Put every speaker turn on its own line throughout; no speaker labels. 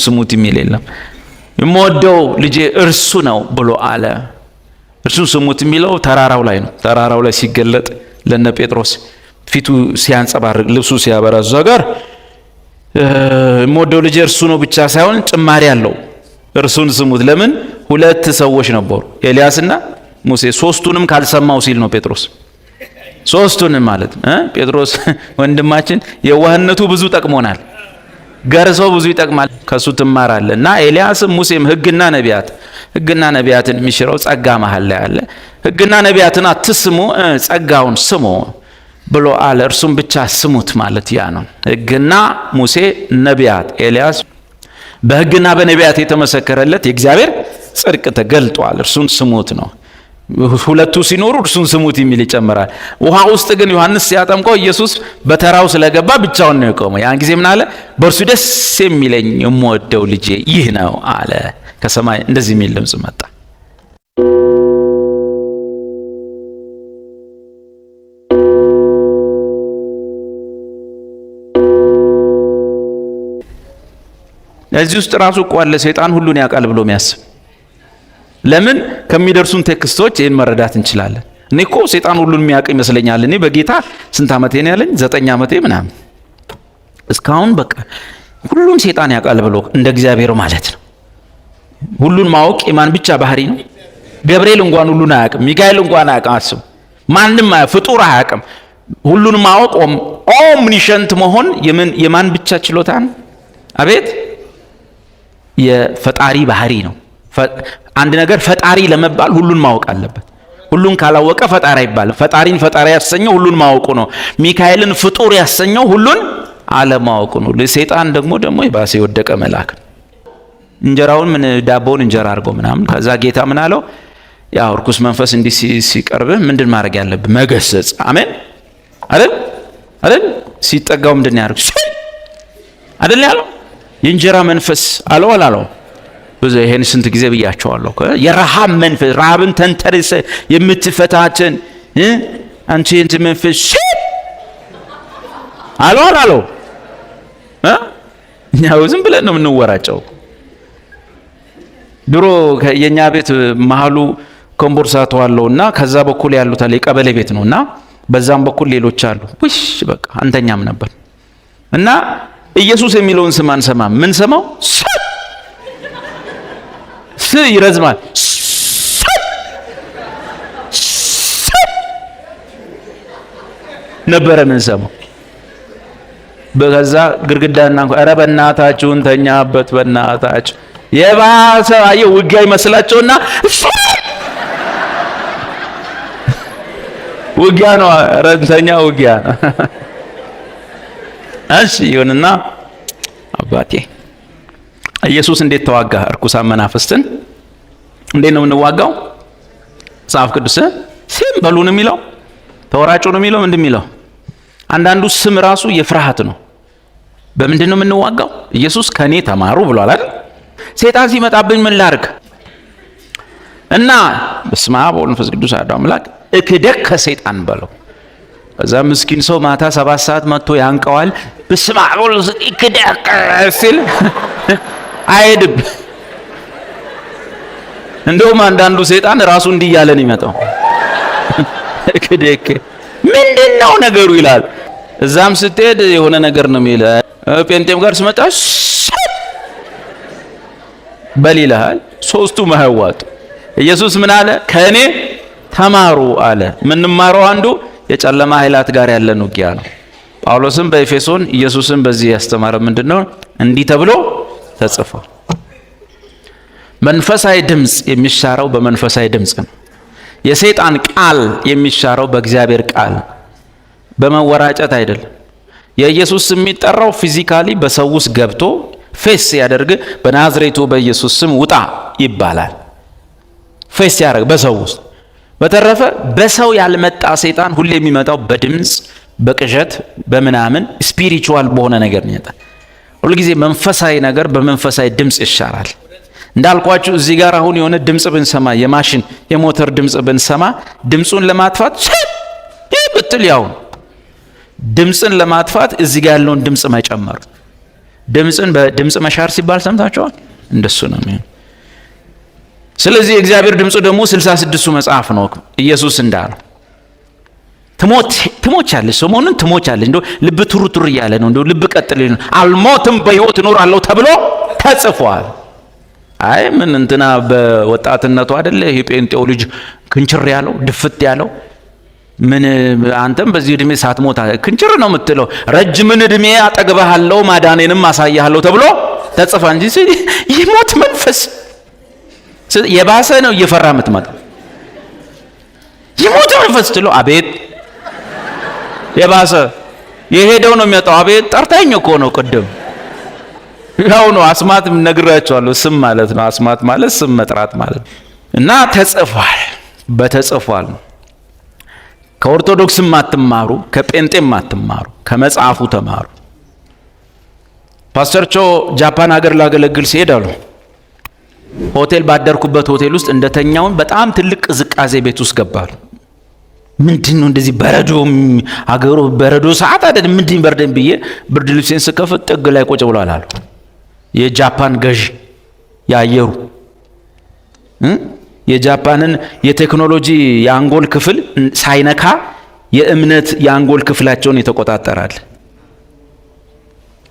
እሱን ስሙት የሚል የለም። የምወደው ልጄ እርሱ ነው ብሎ አለ። እርሱን ስሙት የሚለው ተራራው ላይ ነው። ተራራው ላይ ሲገለጥ ለነ ጴጥሮስ ፊቱ ሲያንጸባርቅ፣ ልብሱ ሲያበራ እዛ ጋር የምወደው ልጄ እርሱ ነው ብቻ ሳይሆን ጭማሪ አለው። እርሱን ስሙት። ለምን ሁለት ሰዎች ነበሩ ኤልያስና ሙሴ። ሶስቱንም ካልሰማው ሲል ነው ጴጥሮስ ሶስቱንም ማለት ጴጥሮስ ወንድማችን የዋህነቱ ብዙ ጠቅሞናል። ገርሰው ብዙ ይጠቅማል። ከሱ ትማራለ እና ኤልያስም ሙሴም ህግና ነቢያት ህግና ነቢያትን የሚሽረው ጸጋ መሀል ላይ አለ። ህግና ነቢያትን አትስሙ፣ ጸጋውን ስሙ ብሎ አለ። እርሱም ብቻ ስሙት ማለት ያ ነው። ህግና ሙሴ፣ ነቢያት፣ ኤልያስ በህግና በነቢያት የተመሰከረለት የእግዚአብሔር ጽድቅ ተገልጧል። እርሱን ስሙት ነው። ሁለቱ ሲኖሩ እርሱን ስሙት የሚል ይጨምራል። ውሃ ውስጥ ግን ዮሐንስ ሲያጠምቀው ኢየሱስ በተራው ስለገባ ብቻውን ነው የቆመው። ያን ጊዜ ምን አለ? በእርሱ ደስ የሚለኝ የምወደው ልጄ ይህ ነው አለ። ከሰማይ እንደዚህ የሚል ድምፅ መጣ። እዚህ ውስጥ ራሱ እኮ አለ ሰይጣን ሁሉን ያውቃል ብሎ የሚያስብ ለምን ከሚደርሱን ቴክስቶች ይህን መረዳት እንችላለን። እኔ እኮ ሴጣን ሁሉን የሚያውቅ ይመስለኛል። እኔ በጌታ ስንት ዓመቴ ነው ያለኝ? ዘጠኝ ዓመቴ ምናምን እስካሁን በቃ ሁሉን ሴጣን ያውቃል ብሎ እንደ እግዚአብሔር ማለት ነው። ሁሉን ማወቅ የማን ብቻ ባህሪ ነው? ገብርኤል እንኳን ሁሉን አያውቅም። ሚካኤል እንኳን አያውቅም። አስቡ። ማንም ፍጡር አያውቅም። ሁሉን ማወቅ ኦምኒሸንት መሆን የማን ብቻ ችሎታ ነው? አቤት የፈጣሪ ባህሪ ነው። አንድ ነገር ፈጣሪ ለመባል ሁሉን ማወቅ አለበት። ሁሉን ካላወቀ ፈጣሪ አይባልም። ፈጣሪን ፈጣሪ ያሰኘው ሁሉን ማወቁ ነው። ሚካኤልን ፍጡር ያሰኘው ሁሉን አለማወቁ ነው። ለሰይጣን ደግሞ ደግሞ የባሰ የወደቀ መልአክ እንጀራውን ምን ዳቦውን እንጀራ አድርጎ ምናምን ከዛ ጌታ ምን አለው? ያው እርኩስ መንፈስ እንዲህ ሲቀርብህ ምንድን ማድረግ ያለብህ መገሰጽ። አሜን አይደል አይደል? ሲጠጋው ምንድን ያደርግ አይደል ያለው የእንጀራ መንፈስ አለው አላለው ይህን ስንት ጊዜ ብያቸዋለሁ። የረሃብ መንፈስ ረሃብን ተንተርሰ የምትፈታትን አንቺ ንት መንፈስ አሎ አላሎ እኛ ዝም ብለን ነው የምንወራጨው። ድሮ የእኛ ቤት መሀሉ ኮምቦርሳ ተዋለው እና ከዛ በኩል ያሉት የቀበሌ ቤት ነው እና በዛም በኩል ሌሎች አሉ። ውሽ በቃ አንተኛም ነበር እና ኢየሱስ የሚለውን ስም አንሰማም። ምን ሰማው ስ ይረዝማል። ነበረ ምን ሰማው በከዛ ግድግዳና እንኳን ኧረ በእናታችሁን ተኛበት፣ በእናታችሁ የባሰ አየ ውጊያ ይመስላቸውና ውጊያ ነው፣ ኧረ እንተኛ ውጊያ። እሺ ይሁንና አባቴ ኢየሱስ እንዴት ተዋጋ? እርኩሳን መናፍስትን እንዴት ነው የምንዋጋው? መጽሐፍ ቅዱስ ስም በሉ ነው የሚለው፣ ተወራጩ ነው የሚለው፣ ምንድን የሚለው? አንዳንዱ ስም ራሱ የፍርሃት ነው። በምንድን ነው የምንዋጋው? ኢየሱስ ከኔ ተማሩ ብሏል አይደል? ሴጣን ሲመጣብኝ ምን ላርግ? እና በስመ አብ ወወልድ ወመንፈስ ቅዱስ አሐዱ አምላክ እክደክ ከሰይጣን በለው። ከዛ ምስኪን ሰው ማታ ሰባት ሰዓት መጥቶ ያንቀዋል። በስመ አብ ወወልድ እክደክ ሲል አይድብ። እንደውም አንዳንዱ ሰይጣን ራሱ እንዲህ እያለ ነው የሚመጣው። ምንድን ነው ነገሩ ይላል። እዛም ስትሄድ የሆነ ነገር ነው የሚል። ጴንጤም ጋር ስመጣ በል ይልሃል። ሶስቱ መህዋጡ ኢየሱስ ምን አለ? ከእኔ ተማሩ አለ። ምንማረው አንዱ የጨለማ ኃይላት ጋር ያለን ውጊያ ነው። ጳውሎስም በኤፌሶን ኢየሱስም በዚህ ያስተማረ ምንድን ነው? እንዲህ ተብሎ ተጽፏል። መንፈሳዊ ድምፅ የሚሻረው በመንፈሳዊ ድምፅ ነው። የሰይጣን ቃል የሚሻረው በእግዚአብሔር ቃል በመወራጨት አይደለም። የኢየሱስ ስም የሚጠራው ፊዚካሊ በሰው ውስጥ ገብቶ ፌስ ያደርግ በናዝሬቱ በኢየሱስ ስም ውጣ ይባላል። ፌስ ያደርግ በሰው ውስጥ። በተረፈ በሰው ያልመጣ ሰይጣን ሁሌ የሚመጣው በድምፅ በቅዠት በምናምን ስፒሪቹዋል በሆነ ነገር ነው። ሁልጊዜ መንፈሳዊ ነገር በመንፈሳዊ ድምፅ ይሻላል። እንዳልኳችሁ እዚህ ጋር አሁን የሆነ ድምፅ ብንሰማ የማሽን የሞተር ድምፅ ብንሰማ ድምፁን ለማጥፋት ይህ ብትል ያውን ድምፅን ለማጥፋት እዚህ ጋር ያለውን ድምፅ መጨመር። ድምፅን በድምፅ መሻር ሲባል ሰምታችኋል። እንደሱ ነው ስለዚህ የእግዚአብሔር ድምፁ ደግሞ ስልሳ ስድስቱ መጽሐፍ ነው ኢየሱስ እንዳለው ትሞች ትሞቻለች፣ ሰሞኑን ትሞቻለች። እንደው ልብ ቱርቱር እያለ ነው። እንደው ልብ ቀጥል አልሞትም በህይወት እኖራለሁ ተብሎ ተጽፏል። አይ ምን እንትና በወጣትነቱ አይደለ የጴንጤው ልጅ ክንችር ያለው ድፍት ያለው ምን አንተም በዚህ እድሜ ሳትሞት ክንችር ነው የምትለው። ረጅምን እድሜ አጠግብሃለሁ ማዳኔንም አሳያለሁ ተብሎ ተጽፋ እንጂ የሞት መንፈስ የባሰ ነው እየፈራ የምትመጣ የሞት መንፈስ ችሎ አቤት የባሰ የሄደው ነው የሚያጣው። አቤት ጠርታኝ እኮ ነው ቅድም። ያው ነው አስማት ነግራቸዋለሁ። ስም ማለት ነው አስማት ማለት ስም መጥራት ማለት እና ተጽፏል፣ በተጽፏል ነው። ከኦርቶዶክስም አትማሩ፣ ከጴንጤም አትማሩ፣ ከመጽሐፉ ተማሩ። ፓስተር ቾ ጃፓን ሀገር ላገለግል ሲሄድ አሉ ሆቴል ባደርኩበት ሆቴል ውስጥ እንደተኛውን በጣም ትልቅ ቅዝቃዜ ቤት ውስጥ ገባሉ። ምንድን ነው እንደዚህ በረዶ አገሩ በረዶ ሰዓት አደ ምንድን በርደን ብዬ ብርድ ልብሴን ስከፍት ጥግ ላይ ቁጭ ብሏል አሉ የጃፓን ገዥ ያየሩ የጃፓንን የቴክኖሎጂ የአንጎል ክፍል ሳይነካ የእምነት የአንጎል ክፍላቸውን የተቆጣጠራል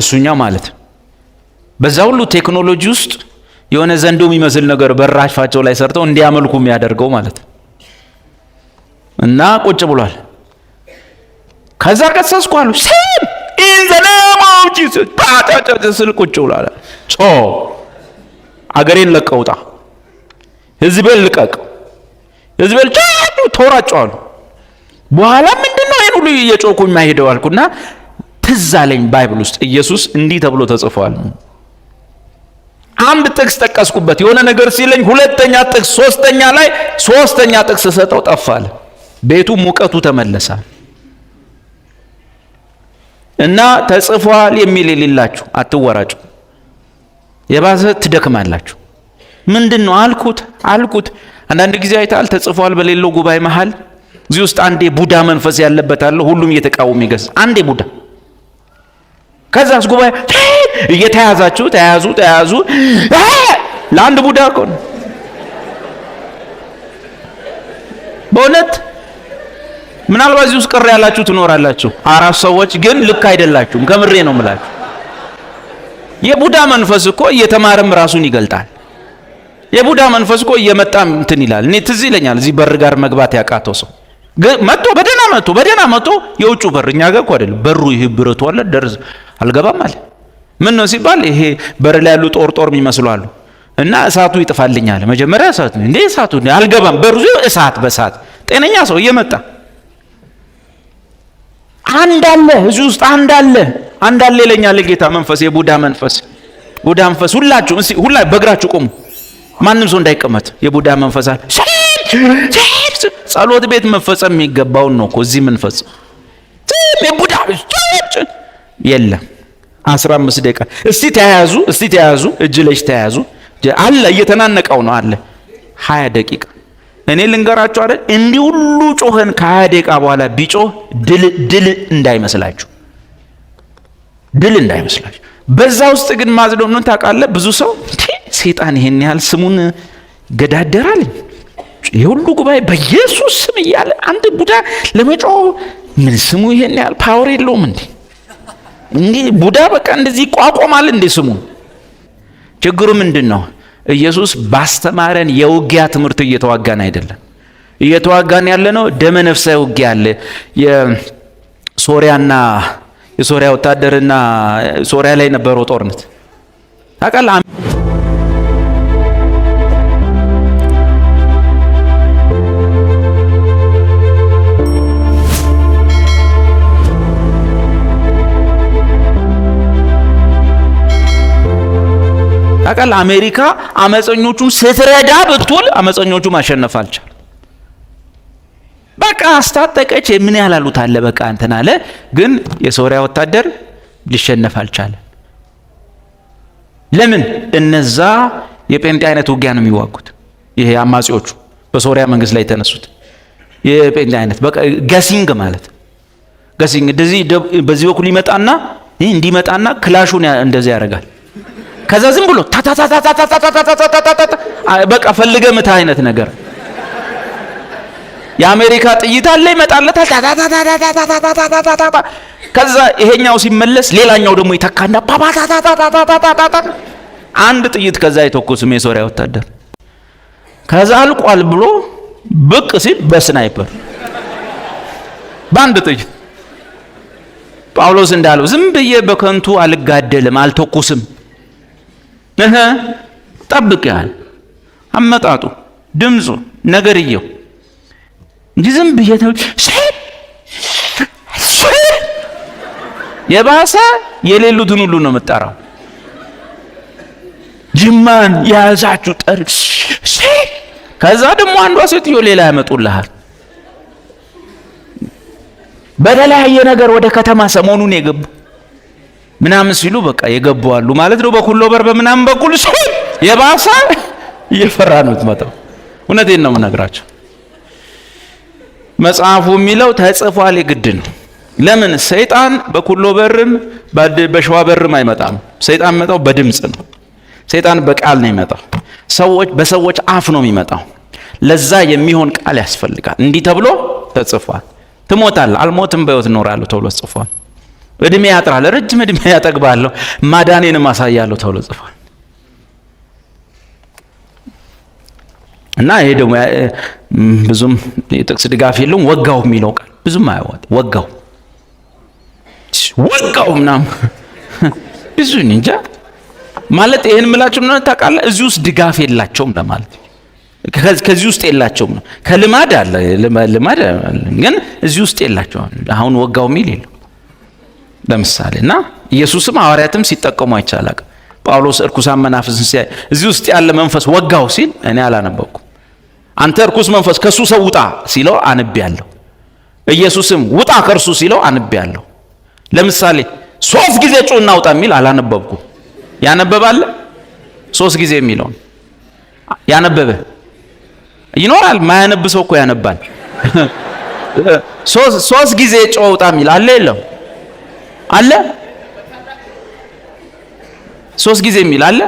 እሱኛ ማለት በዛ ሁሉ ቴክኖሎጂ ውስጥ የሆነ ዘንዶ የሚመስል ነገር በራሽፋቸው ላይ ሰርተው እንዲያመልኩ የሚያደርገው ማለት ነው እና ቁጭ ብሏል። ከዛ ቀሰስኩ አሉ ሰም ጂስ ታታታ ስል ቁጭ ብሏል። ጮ አገሬን ለቀውጣ ህዝቤን ልቀቅ ህዝቤን ጮ ተወራጭ አሉ። በኋላ ምንድነው ይሄን ሁሉ እየጮኩ የማይሄደው አልኩና ትዝ አለኝ ባይብል ውስጥ ኢየሱስ እንዲህ ተብሎ ተጽፏል። አንድ ጥቅስ ጠቀስኩበት የሆነ ነገር ሲለኝ ሁለተኛ ጥቅስ ሶስተኛ ላይ ሶስተኛ ጥቅስ ሰጠው ጠፋል። ቤቱ ሙቀቱ ተመለሰ እና ተጽፏል የሚል የሌላችሁ አትወራጩ፣ የባሰ ትደክማላችሁ። ምንድን ነው አልኩት አልኩት። አንዳንድ ጊዜ አይታል ተጽፏል በሌለው ጉባኤ መሃል እዚህ ውስጥ አንዴ ቡዳ መንፈስ ያለበት አለ። ሁሉም እየተቃወሙ ይገዝ አንዴ ቡዳ ከዛስ ጉባኤ እየተያዛችሁ ተያዙ ተያዙ ለአንድ ቡዳ እኮ ነው በእውነት ምናልባት እዚህ ውስጥ ቅር ያላችሁ ትኖራላችሁ። አራት ሰዎች ግን ልክ አይደላችሁም። ከምሬ ነው ምላችሁ። የቡዳ መንፈስ እኮ እየተማረም ራሱን ይገልጣል። የቡዳ መንፈስ እኮ እየመጣ እንትን ይላል። እኔ ትዝ ይለኛል እዚህ በር ጋር መግባት ያቃተው ሰው መጥቶ በደህና መጥቶ በደህና መጥቶ የውጩ በር እኛ ጋር እኮ አይደለም በሩ ይህ ብረቱ አለ ደርዝ አልገባም አለ። ምን ነው ሲባል ይሄ በር ላይ ያሉ ጦር ጦር የሚመስሉ አሉ እና እሳቱ ይጥፋልኛል። መጀመሪያ እሳቱ እንዴ እሳቱ አልገባም በሩ እሳት በእሳት ጤነኛ ሰው እየመጣ አንድ አለ፣ እዚህ ውስጥ አንድ አለ፣ አንድ አለ ይለኛል ጌታ መንፈስ፣ የቡዳ መንፈስ፣ ቡዳ መንፈስ። ሁላችሁ እስኪ ሁላ በእግራችሁ ቆሙ፣ ማንም ሰው እንዳይቀመጥ። የቡዳ መንፈስ አለ። ጸሎት ቤት መፈጸም የሚገባውን ነው እኮ እዚህ መንፈስ የቡዳ የለም። አስራ አምስት ደቂቃ እስቲ ተያያዙ፣ እስቲ ተያያዙ፣ እጅ ለእጅ ተያያዙ። አለ እየተናነቀው ነው አለ ሀያ ደቂቃ እኔ ልንገራችሁ አይደል እንዲህ ሁሉ ጮኸን ከሀያ ደቂቃ በኋላ ቢጮህ ድል ድል እንዳይመስላችሁ ድል እንዳይመስላችሁ። በዛ ውስጥ ግን ማዝደው ምን ታውቃለህ፣ ብዙ ሰው ሴጣን ይሄን ያህል ስሙን ገዳደራል የሁሉ ጉባኤ በኢየሱስ ስም እያለ አንድ ቡዳ ለመጮ ምን ስሙ ይሄን ያህል ፓወር የለውም እንዴ? እንዲህ ቡዳ በቃ እንደዚህ ይቋቋማል እንዴ ስሙ? ችግሩ ምንድን ነው? ኢየሱስ ባስተማረን የውጊያ ትምህርት እየተዋጋን አይደለም። እየተዋጋን ያለ ነው ደመ ነፍሳዊ ውጊያ አለ። የሶሪያና የሶሪያ ወታደርና ሶሪያ ላይ ነበረው ጦርነት ታውቃለህ። ታውቃል። አሜሪካ አመፀኞቹን ስትረዳ ብትውል አመፀኞቹ ማሸነፍ አልቻል። በቃ አስታጠቀች። ምን ያህል አሉት አለ በቃ እንትን አለ። ግን የሶሪያ ወታደር ሊሸነፍ አልቻለም። ለምን? እነዛ የጴንጤ አይነት ውጊያ ነው የሚዋጉት። ይሄ አማጺዎቹ በሶሪያ መንግስት ላይ የተነሱት የጴንጤ አይነት በቃ ገሲንግ ማለት ገሲንግ እንደዚህ በዚህ በኩል ይመጣና እንዲመጣና ክላሹን እንደዚህ ያደርጋል። ከዛ ዝም ብሎ በቃ ፈልገ ምታ አይነት ነገር የአሜሪካ ጥይት አለ ይመጣለታል። ከዛ ይሄኛው ሲመለስ ሌላኛው ደግሞ ይተካና አንድ ጥይት ከዛ የተኮሱም የሶሪያ ወታደር ከዛ አልቋል ብሎ ብቅ ሲል በስናይፐር በአንድ ጥይት ጳውሎስ እንዳለው ዝም ብዬ በከንቱ አልጋደልም፣ አልተኩስም እህ ጠብቅ ያህል አመጣጡ ድምፁ ነገርየው እንጂ ዝም ብየተው የባሰ የሌሉትን ሁሉ ነው የምጠራው። ጅማን የያዛችሁ ጠር ከዛ ደግሞ አንዷ ሴትዮ ሌላ ያመጡልሃል። በተለያየ ነገር ወደ ከተማ ሰሞኑን የገቡ ምናምን ሲሉ በቃ የገቡ አሉ ማለት ነው። በኩሎ በር በምናምን በኩል ሲሆን የባሰ እየፈራ ነው የምትመጣው። እውነቴን ነው የምነግራቸው። መጽሐፉ የሚለው ተጽፏል የግድ ነው። ለምን ሰይጣን በኩሎ በርም በሸዋ በርም አይመጣም። ሰይጣን የሚመጣው በድምፅ ነው። ሰይጣን በቃል ነው የሚመጣው። ሰዎች በሰዎች አፍ ነው የሚመጣው። ለዛ የሚሆን ቃል ያስፈልጋል። እንዲህ ተብሎ ተጽፏል። ትሞታል፣ አልሞትም በሕይወት እኖራለሁ ተብሎ ተጽፏል። እድሜ ያጥራል፣ ረጅም እድሜ ያጠግባለሁ፣ ማዳኔንም አሳያለሁ ተብሎ ጽፏል። እና ይሄ ደግሞ ብዙም የጥቅስ ድጋፍ የለውም። ወጋው የሚለው ቃል ብዙም አያወጥ ወጋው ወጋው ምናምን ብዙ እንጃ ማለት ይህን ምላችሁ ምናምን ታውቃለህ፣ እዚህ ውስጥ ድጋፍ የላቸውም ለማለት ከዚህ ውስጥ የላቸውም ነው። ከልማድ አለ ልማድ ግን እዚህ ውስጥ የላቸውም። አሁን ወጋው የሚል የለው ለምሳሌ እና ኢየሱስም ሐዋርያትም ሲጠቀሙ አይቻላቅ ጳውሎስ እርኩሳን መናፍስን ሲያይ እዚህ ውስጥ ያለ መንፈስ ወጋው ሲል እኔ አላነበብኩም አንተ እርኩስ መንፈስ ከሱ ሰው ውጣ ሲለው አንብ ያለሁ። ኢየሱስም ውጣ ከእርሱ ሲለው አንብ ያለሁ። ለምሳሌ ሶስት ጊዜ ጩ እናውጣ የሚል አላነበብኩም። ያነበባለ ሶስት ጊዜ የሚለውን ያነበበ ይኖራል። ማያነብ ሰው እኮ ያነባል። ሶስት ጊዜ ጮ ውጣ የሚል አለ የለው አለ ሶስት ጊዜ የሚል አለ።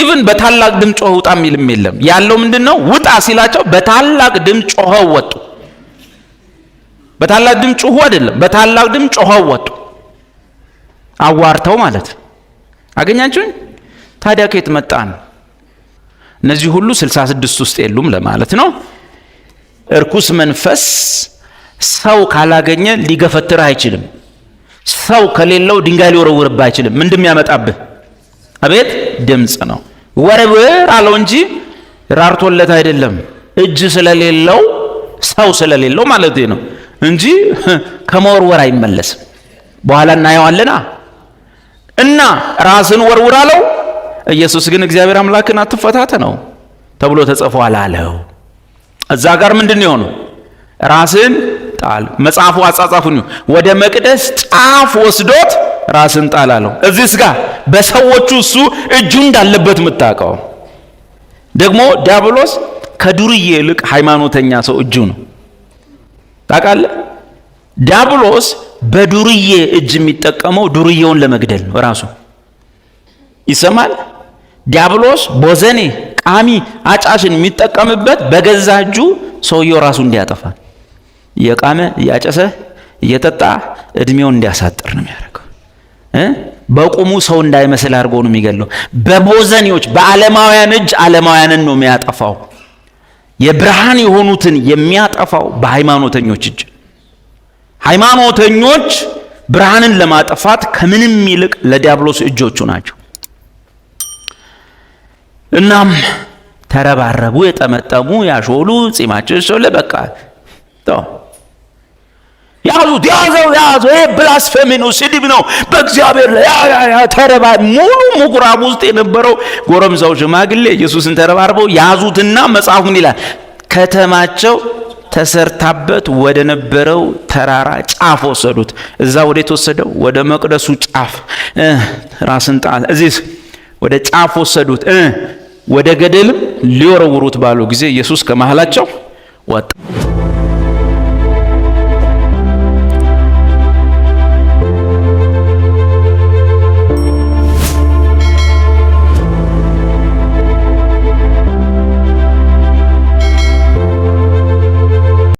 ኢቭን በታላቅ ድምፅ ጮኸው ውጣ የሚልም የለም። ያለው ምንድን ነው? ውጣ ሲላቸው በታላቅ ድምፅ ጮኸው ወጡ። በታላቅ ድምፅ ጮሁ አይደለም፣ በታላቅ ድምፅ ጮኸው ወጡ። አዋርተው ማለት አገኛችሁኝ። ታዲያ ከየት መጣን እነዚህ ሁሉ ስልሳ ስድስት ውስጥ የሉም ለማለት ነው። እርኩስ መንፈስ ሰው ካላገኘ ሊገፈትርህ አይችልም። ሰው ከሌለው ድንጋይ ሊወረውርብህ አይችልም። ምንድም ያመጣብህ አቤት ድምፅ ነው። ወርውር አለው እንጂ ራርቶለት አይደለም። እጅ ስለሌለው ሰው ስለሌለው ማለት ነው እንጂ ከመወርወር አይመለስም። በኋላ እናየዋለና እና ራስን ወርውር አለው። ኢየሱስ ግን እግዚአብሔር አምላክን ነው ተብሎ ተጽፏል አለው። እዛ ጋር ምንድን የሆነው ራስን ጣል። መጽሐፉ አጻጻፉን ወደ መቅደስ ጫፍ ወስዶት ራስን ጣል አለው። እዚህ ስጋ በሰዎቹ እሱ እጁ እንዳለበት የምታውቀው ደግሞ ዲያብሎስ ከዱርዬ ይልቅ ሃይማኖተኛ ሰው እጁ ነው። ታውቃለህ? ዲያብሎስ በዱርዬ እጅ የሚጠቀመው ዱርዬውን ለመግደል ነው። ራሱ ይሰማል። ዲያብሎስ ቦዘኔ፣ ቃሚ፣ አጫሽን የሚጠቀምበት በገዛ እጁ ሰውየው ራሱ እንዲያጠፋል። እየቃመ እያጨሰ እየጠጣ እድሜውን እንዲያሳጥር ነው የሚያደርገው። በቁሙ ሰው እንዳይመስል አድርጎ ነው የሚገለው። በቦዘኔዎች በዓለማውያን እጅ ዓለማውያንን ነው የሚያጠፋው። የብርሃን የሆኑትን የሚያጠፋው በሃይማኖተኞች እጅ። ሃይማኖተኞች ብርሃንን ለማጠፋት ከምንም ይልቅ ለዲያብሎስ እጆቹ ናቸው። እናም ተረባረቡ፣ የጠመጠሙ፣ ያሾሉ፣ ጺማቸው ሰው በቃ ያዙት፣ ያዘው፣ ያዘው። ይሄ ብላስፌሚ ነው፣ ስድብ ነው በእግዚአብሔር ላይ ያ ተረባ ሙሉ ምኩራብ ውስጥ የነበረው ጎረምሳው ሽማግሌ ኢየሱስን ተረባርበው ያዙትና መጽሐፉ ይላል? ከተማቸው ተሰርታበት ወደ ነበረው ተራራ ጫፍ ወሰዱት። እዛ ወደ የተወሰደው ወደ መቅደሱ ጫፍ ራስን ጣል እዚህ ወደ ጫፍ ወሰዱት። ወደ ገደልም ሊወረውሩት ባሉ ጊዜ ኢየሱስ ከመሃላቸው ወጣ።